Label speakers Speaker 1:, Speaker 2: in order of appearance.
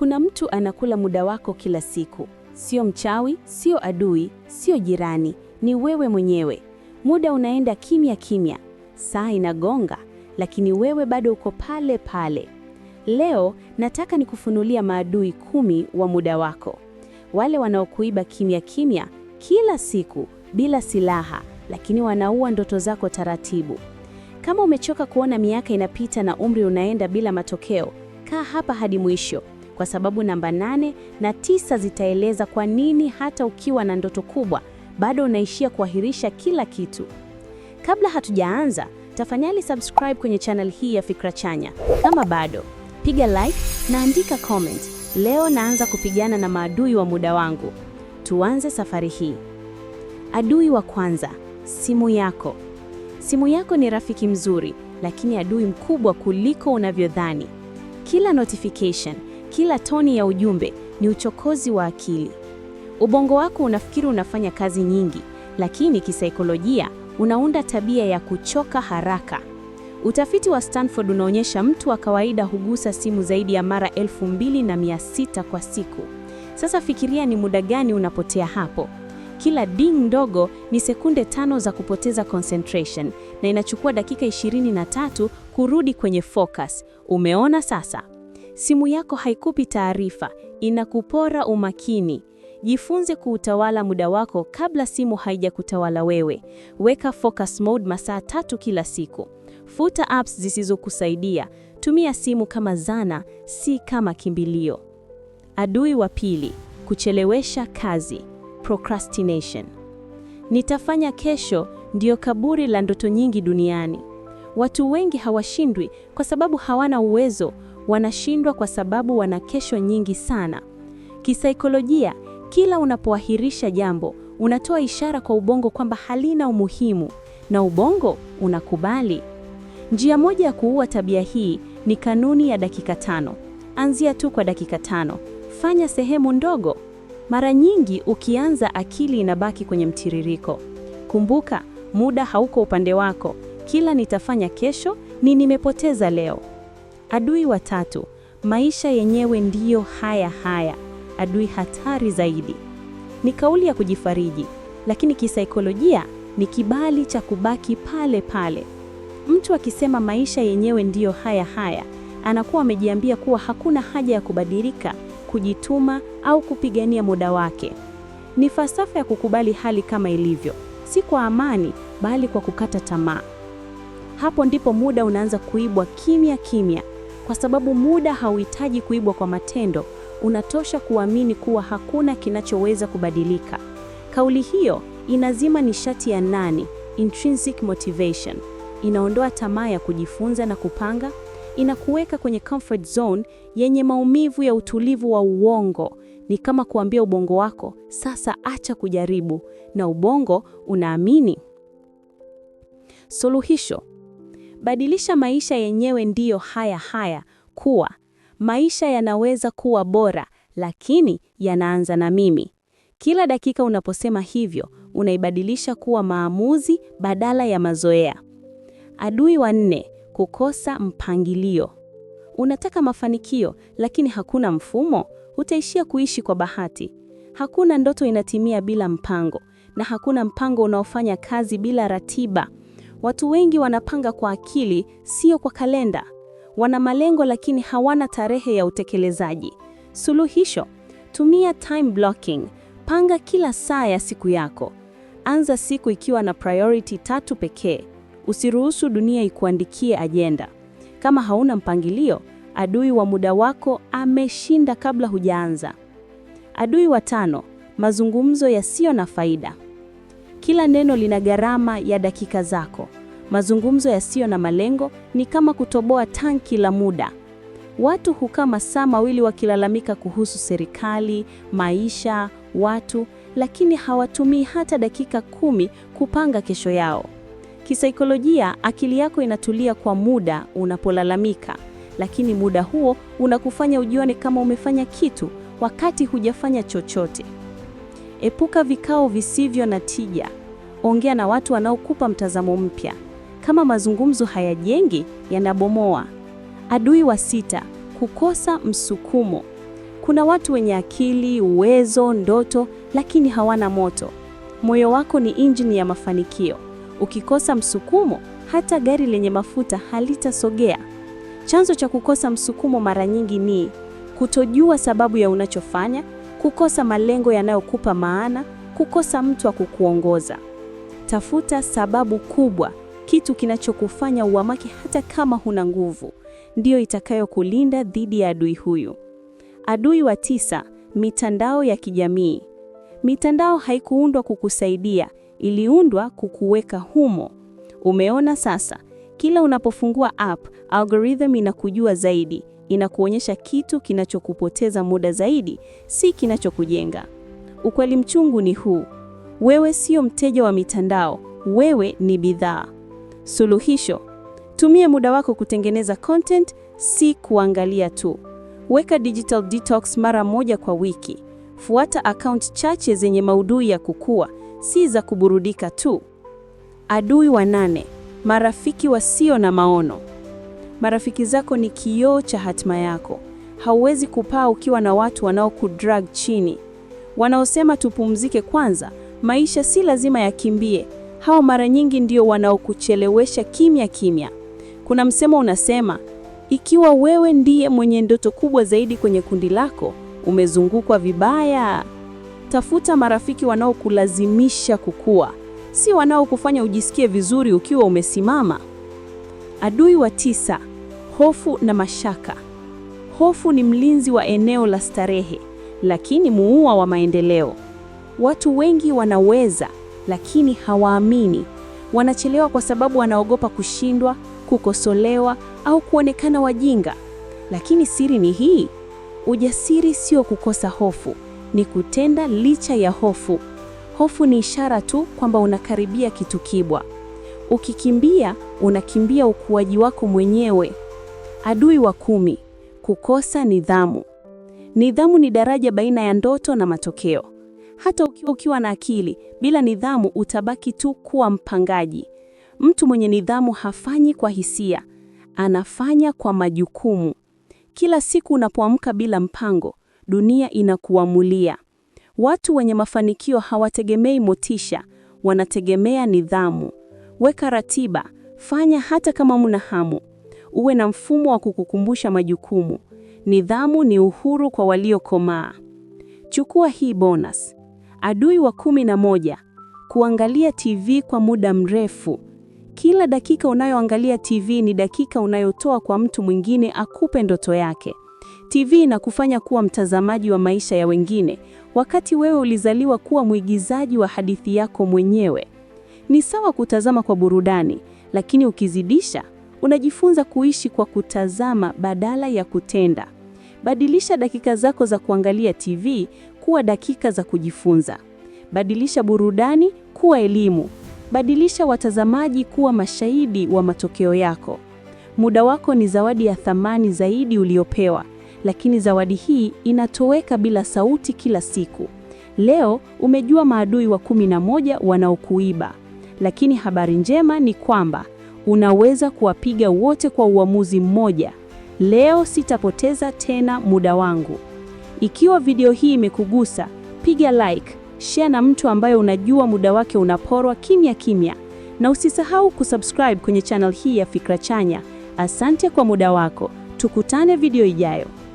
Speaker 1: Kuna mtu anakula muda wako kila siku. Sio mchawi, sio adui, sio jirani, ni wewe mwenyewe. Muda unaenda kimya kimya, saa inagonga, lakini wewe bado uko pale pale. Leo nataka nikufunulia maadui kumi wa muda wako, wale wanaokuiba kimya kimya kila siku bila silaha, lakini wanaua ndoto zako taratibu. Kama umechoka kuona miaka inapita na umri unaenda bila matokeo, kaa hapa hadi mwisho kwa sababu namba nane na tisa zitaeleza kwa nini hata ukiwa na ndoto kubwa bado unaishia kuahirisha kila kitu. Kabla hatujaanza, tafanyali subscribe kwenye channel hii ya Fikra Chanya kama bado, piga like na andika comment. Leo naanza kupigana na maadui wa muda wangu. Tuanze safari hii. Adui wa kwanza, simu yako. Simu yako ni rafiki mzuri, lakini adui mkubwa kuliko unavyodhani. Kila notification, kila toni ya ujumbe ni uchokozi wa akili. Ubongo wako unafikiri unafanya kazi nyingi, lakini kisaikolojia unaunda tabia ya kuchoka haraka. Utafiti wa Stanford unaonyesha mtu wa kawaida hugusa simu zaidi ya mara 2600 kwa siku. Sasa fikiria ni muda gani unapotea hapo. Kila ding ndogo ni sekunde tano za kupoteza concentration na inachukua dakika 23 kurudi kwenye focus. Umeona sasa? Simu yako haikupi taarifa, inakupora umakini. Jifunze kuutawala muda wako kabla simu haijakutawala wewe. Weka focus mode masaa tatu kila siku. Futa apps zisizokusaidia. Tumia simu kama zana, si kama kimbilio. Adui wa pili, kuchelewesha kazi, procrastination. Nitafanya kesho ndio kaburi la ndoto nyingi duniani. Watu wengi hawashindwi kwa sababu hawana uwezo wanashindwa kwa sababu wana kesho nyingi sana. Kisaikolojia, kila unapoahirisha jambo, unatoa ishara kwa ubongo kwamba halina umuhimu na ubongo unakubali. Njia moja ya kuua tabia hii ni kanuni ya dakika tano. Anzia tu kwa dakika tano. Fanya sehemu ndogo. Mara nyingi ukianza, akili inabaki kwenye mtiririko. Kumbuka, muda hauko upande wako. Kila nitafanya kesho ni nimepoteza leo. Adui watatu, maisha yenyewe ndiyo haya haya, adui hatari zaidi. Ni kauli ya kujifariji, lakini kisaikolojia ni kibali cha kubaki pale pale. Mtu akisema maisha yenyewe ndiyo haya haya, anakuwa amejiambia kuwa hakuna haja ya kubadilika, kujituma au kupigania muda wake. Ni falsafa ya kukubali hali kama ilivyo, si kwa amani, bali kwa kukata tamaa. Hapo ndipo muda unaanza kuibwa kimya kimya, kwa sababu muda hauhitaji kuibwa kwa matendo, unatosha kuamini kuwa hakuna kinachoweza kubadilika. Kauli hiyo inazima nishati ya nani, intrinsic motivation, inaondoa tamaa ya kujifunza na kupanga, inakuweka kwenye comfort zone yenye maumivu ya utulivu wa uongo. Ni kama kuambia ubongo wako sasa, acha kujaribu, na ubongo unaamini. Suluhisho. Badilisha maisha yenyewe ndiyo haya haya kuwa maisha yanaweza kuwa bora, lakini yanaanza na mimi. Kila dakika unaposema hivyo, unaibadilisha kuwa maamuzi badala ya mazoea. Adui wa nne: kukosa mpangilio. Unataka mafanikio lakini hakuna mfumo, utaishia kuishi kwa bahati. Hakuna ndoto inatimia bila mpango, na hakuna mpango unaofanya kazi bila ratiba. Watu wengi wanapanga kwa akili, sio kwa kalenda. Wana malengo lakini hawana tarehe ya utekelezaji. Suluhisho: tumia time blocking. Panga kila saa ya siku yako. Anza siku ikiwa na priority tatu pekee. Usiruhusu dunia ikuandikie ajenda. Kama hauna mpangilio, adui wa muda wako ameshinda kabla hujaanza. Adui wa tano: mazungumzo yasiyo na faida. Kila neno lina gharama ya dakika zako. Mazungumzo yasiyo na malengo ni kama kutoboa tanki la muda. Watu hukaa masaa mawili wakilalamika kuhusu serikali, maisha, watu, lakini hawatumii hata dakika kumi kupanga kesho yao. Kisaikolojia, akili yako inatulia kwa muda unapolalamika, lakini muda huo unakufanya ujione kama umefanya kitu wakati hujafanya chochote. Epuka vikao visivyo na tija. Ongea na watu wanaokupa mtazamo mpya. Kama mazungumzo hayajengi, yanabomoa. Adui wa sita, kukosa msukumo. Kuna watu wenye akili, uwezo, ndoto, lakini hawana moto. Moyo wako ni injini ya mafanikio. Ukikosa msukumo, hata gari lenye mafuta halitasogea. Chanzo cha kukosa msukumo mara nyingi ni kutojua sababu ya unachofanya kukosa malengo yanayokupa maana, kukosa mtu wa kukuongoza. Tafuta sababu kubwa, kitu kinachokufanya uamake hata kama huna nguvu, ndiyo itakayokulinda dhidi ya adui huyu. Adui wa tisa, mitandao ya kijamii. Mitandao haikuundwa kukusaidia, iliundwa kukuweka humo. Umeona sasa, kila unapofungua app, algorithm inakujua zaidi inakuonyesha kitu kinachokupoteza muda zaidi, si kinachokujenga. Ukweli mchungu ni huu: wewe sio mteja wa mitandao, wewe ni bidhaa. Suluhisho: tumie muda wako kutengeneza content, si kuangalia tu. Weka digital detox mara moja kwa wiki. Fuata account chache zenye maudhui ya kukua, si za kuburudika tu. Adui wa nane: marafiki wasio na maono. Marafiki zako ni kioo cha hatima yako. Hauwezi kupaa ukiwa na watu wanaokudrag chini, wanaosema tupumzike kwanza, maisha si lazima yakimbie. Hao mara nyingi ndio wanaokuchelewesha kimya kimya. Kuna msemo unasema, ikiwa wewe ndiye mwenye ndoto kubwa zaidi kwenye kundi lako, umezungukwa vibaya. Tafuta marafiki wanaokulazimisha kukua, si wanaokufanya ujisikie vizuri ukiwa umesimama. Adui wa tisa hofu na mashaka. Hofu ni mlinzi wa eneo la starehe, lakini muua wa maendeleo. Watu wengi wanaweza, lakini hawaamini. Wanachelewa kwa sababu wanaogopa kushindwa, kukosolewa au kuonekana wajinga. Lakini siri ni hii: ujasiri sio kukosa hofu, ni kutenda licha ya hofu. Hofu ni ishara tu kwamba unakaribia kitu kibwa. Ukikimbia, unakimbia ukuaji wako mwenyewe. Adui wa kumi: kukosa nidhamu. Nidhamu ni daraja baina ya ndoto na matokeo. Hata ukiwa ukiwa na akili, bila nidhamu utabaki tu kuwa mpangaji. Mtu mwenye nidhamu hafanyi kwa hisia, anafanya kwa majukumu. Kila siku unapoamka bila mpango, dunia inakuamulia. Watu wenye mafanikio hawategemei motisha, wanategemea nidhamu. Weka ratiba, fanya hata kama mnahamu hamu uwe na mfumo wa kukukumbusha majukumu. Nidhamu ni uhuru kwa waliokomaa. Chukua hii bonus. Adui wa kumi na moja: kuangalia TV kwa muda mrefu. Kila dakika unayoangalia TV ni dakika unayotoa kwa mtu mwingine akupe ndoto yake. TV inakufanya kuwa mtazamaji wa maisha ya wengine, wakati wewe ulizaliwa kuwa mwigizaji wa hadithi yako mwenyewe. Ni sawa kutazama kwa burudani, lakini ukizidisha Unajifunza kuishi kwa kutazama badala ya kutenda. Badilisha dakika zako za kuangalia TV kuwa dakika za kujifunza. Badilisha burudani kuwa elimu. Badilisha watazamaji kuwa mashahidi wa matokeo yako. Muda wako ni zawadi ya thamani zaidi uliopewa, lakini zawadi hii inatoweka bila sauti kila siku. Leo umejua maadui wa kumi na moja wanaokuiba, lakini habari njema ni kwamba unaweza kuwapiga wote kwa uamuzi mmoja. Leo sitapoteza tena muda wangu. Ikiwa video hii imekugusa, piga like, share na mtu ambaye unajua muda wake unaporwa kimya kimya, na usisahau kusubscribe kwenye channel hii ya Fikra Chanya. Asante kwa muda wako, tukutane video ijayo.